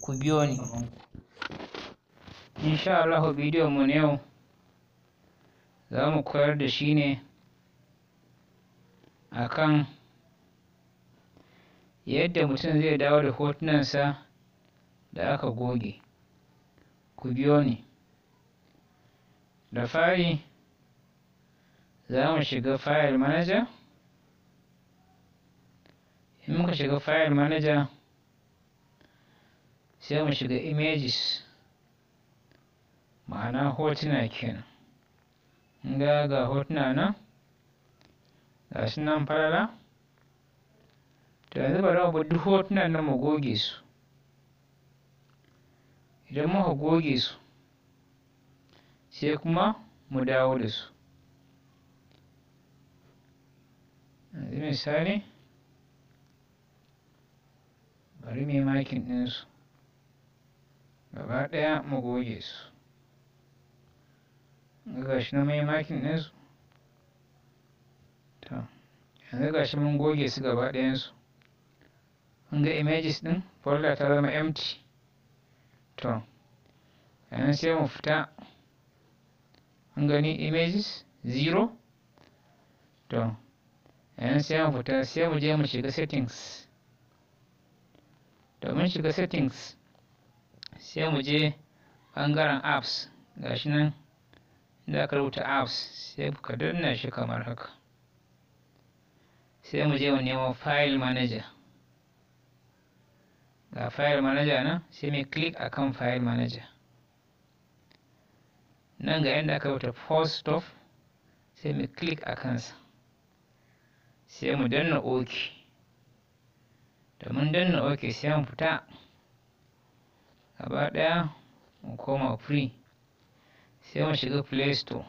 ku biyo ni insha Allah bidiyon mu na yau za mu koyar da shi ne akan yadda mutum zai dawo da hotunansa da aka goge ku biyo ni da fari za mu shiga file manager in muka shiga file manager sai mu shiga images ma'ana hotuna kenan ga ga hotuna na ga su nan falala to yanzu bari mu duk hotuna na mu goge su idan muka goge su sai kuma mu dawo da su yanzu misali bari mai makin ɗinsu gaba ɗaya mu goge su ga shi na mai makin su to yanzu ga shi mun goge su gaba ɗayansu mun ga images ɗin folder ta zama empty to yanzu sai mu fita mun gani images zero to yanzu sai mu fita sai mu je mu shiga settings domin shiga settings sai mu je ɓangaren apps gashi nan inda aka rubuta apps sai ka danna shi kamar haka sai mu je mu nemo file manager ga file manager nan sai mu click akan file manager nan ga inda aka rubuta post stuff sai mu click a kansa sai mu danna ok da mun danna ok sai mu fita gaba ɗaya mu koma free sai mu shiga play store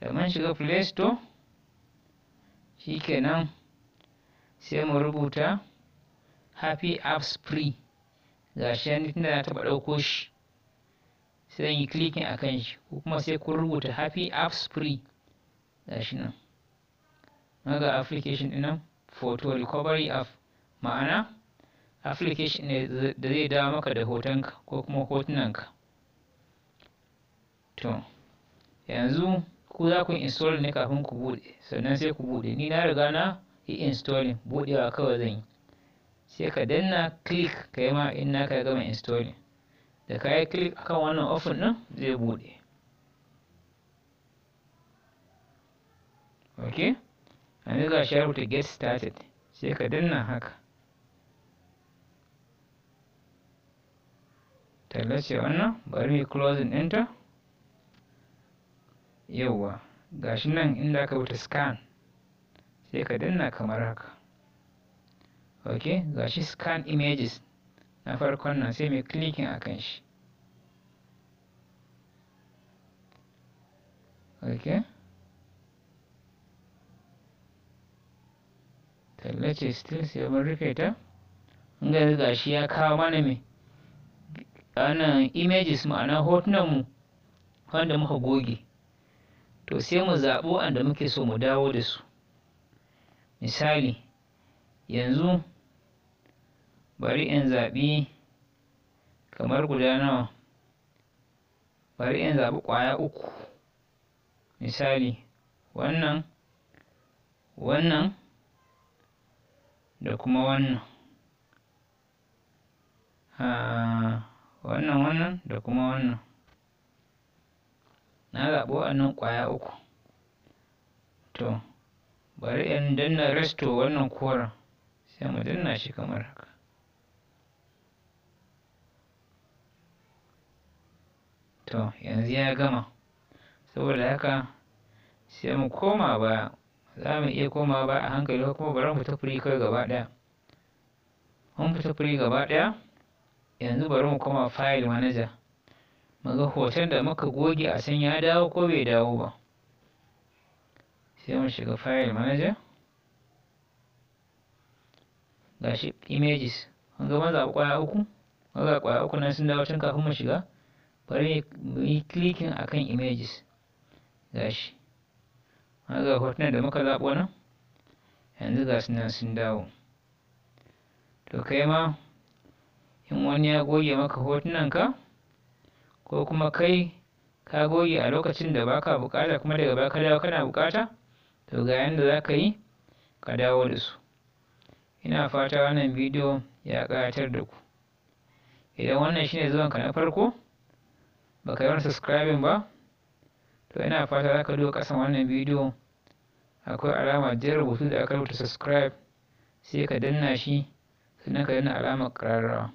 da mun shiga play store shikenan sai mu rubuta happy apps free ga shi yanzu tunda na taɓa ɗauko shi sai yi clicking a kan shi ko kuma sai kun rubuta happy apps free ga shi nan ga application nan photo recovery app ma'ana application ne da zai dawo maka da hotonka ko kuma hotunanka to yanzu ku za ku install ne kafin ku bude sannan sai ku bude ni na riga na yi installing budewa kawai zan yi sai ka danna click ka yi ma in naka gama installing da ka yi click akan wannan open din zai bude ok yanzu ga shi to get started sai ka danna haka talla wannan bari mu closing enter yauwa gashi nan inda aka wuta scan sai ka danna kamar haka ok gashi scan images na farkon nan sai mai clicking a kan shi ok tallace still sai mun rufe ta in gashi ya kawo mana mai anan images ma'ana hotunan mu wanda muka goge to sai mu zaɓo wanda muke so mu dawo da su misali yanzu bari in zaɓi kamar guda nawa bari in zaɓi ƙwaya uku misali wannan wannan da kuma wannan ah, wannan wannan da kuma wannan na zaɓi wa'annan ƙwaya uku to bari in danna resto wannan koren sai mu danna shi kamar haka to yanzu ya gama saboda haka sai mu koma ba za mu iya koma ba a hankali kuma bari mu fita firi kai gaba ɗaya mun fita firi gaba ɗaya yanzu bari mu koma file manager ga hoton da muka goge a san ya dawo ko bai dawo ba sai mu shiga file manager gashi images mun ga maza kwaya uku maza kwaya uku nan sun dawo tun kafin mu shiga bari mu yi clicking akan images gashi maza hoton da muka zaɓo nan yanzu ga su nan sun dawo to kai ma in wani ya goge maka hotunanka ko kuma kai ka goge a lokacin da baka bukata kuma daga baka dawo kana bukata to ga yanda za ka yi ka dawo da su ina fata wannan bidiyo ya ƙayatar da ku idan wannan shine zuwanka na farko baka yi wani subscribing ba to ina fata za ka duba ƙasan wannan bidiyo akwai alama jan rubutu da aka rubuta subscribe sai ka danna shi sannan ka danna alamar ƙararrawa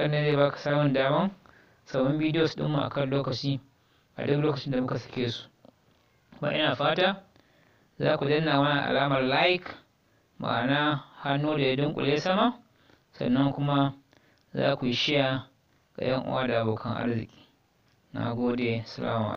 hakan ne zai baka samun daman sabon bidiyos su a kan lokaci a duk lokacin da muka sake su ba ina fata za ku danna mana alamar like ma'ana hannu da ya dunkule sama sannan kuma za ku yi shiya ga 'yan uwa da abokan arziki na gode salamu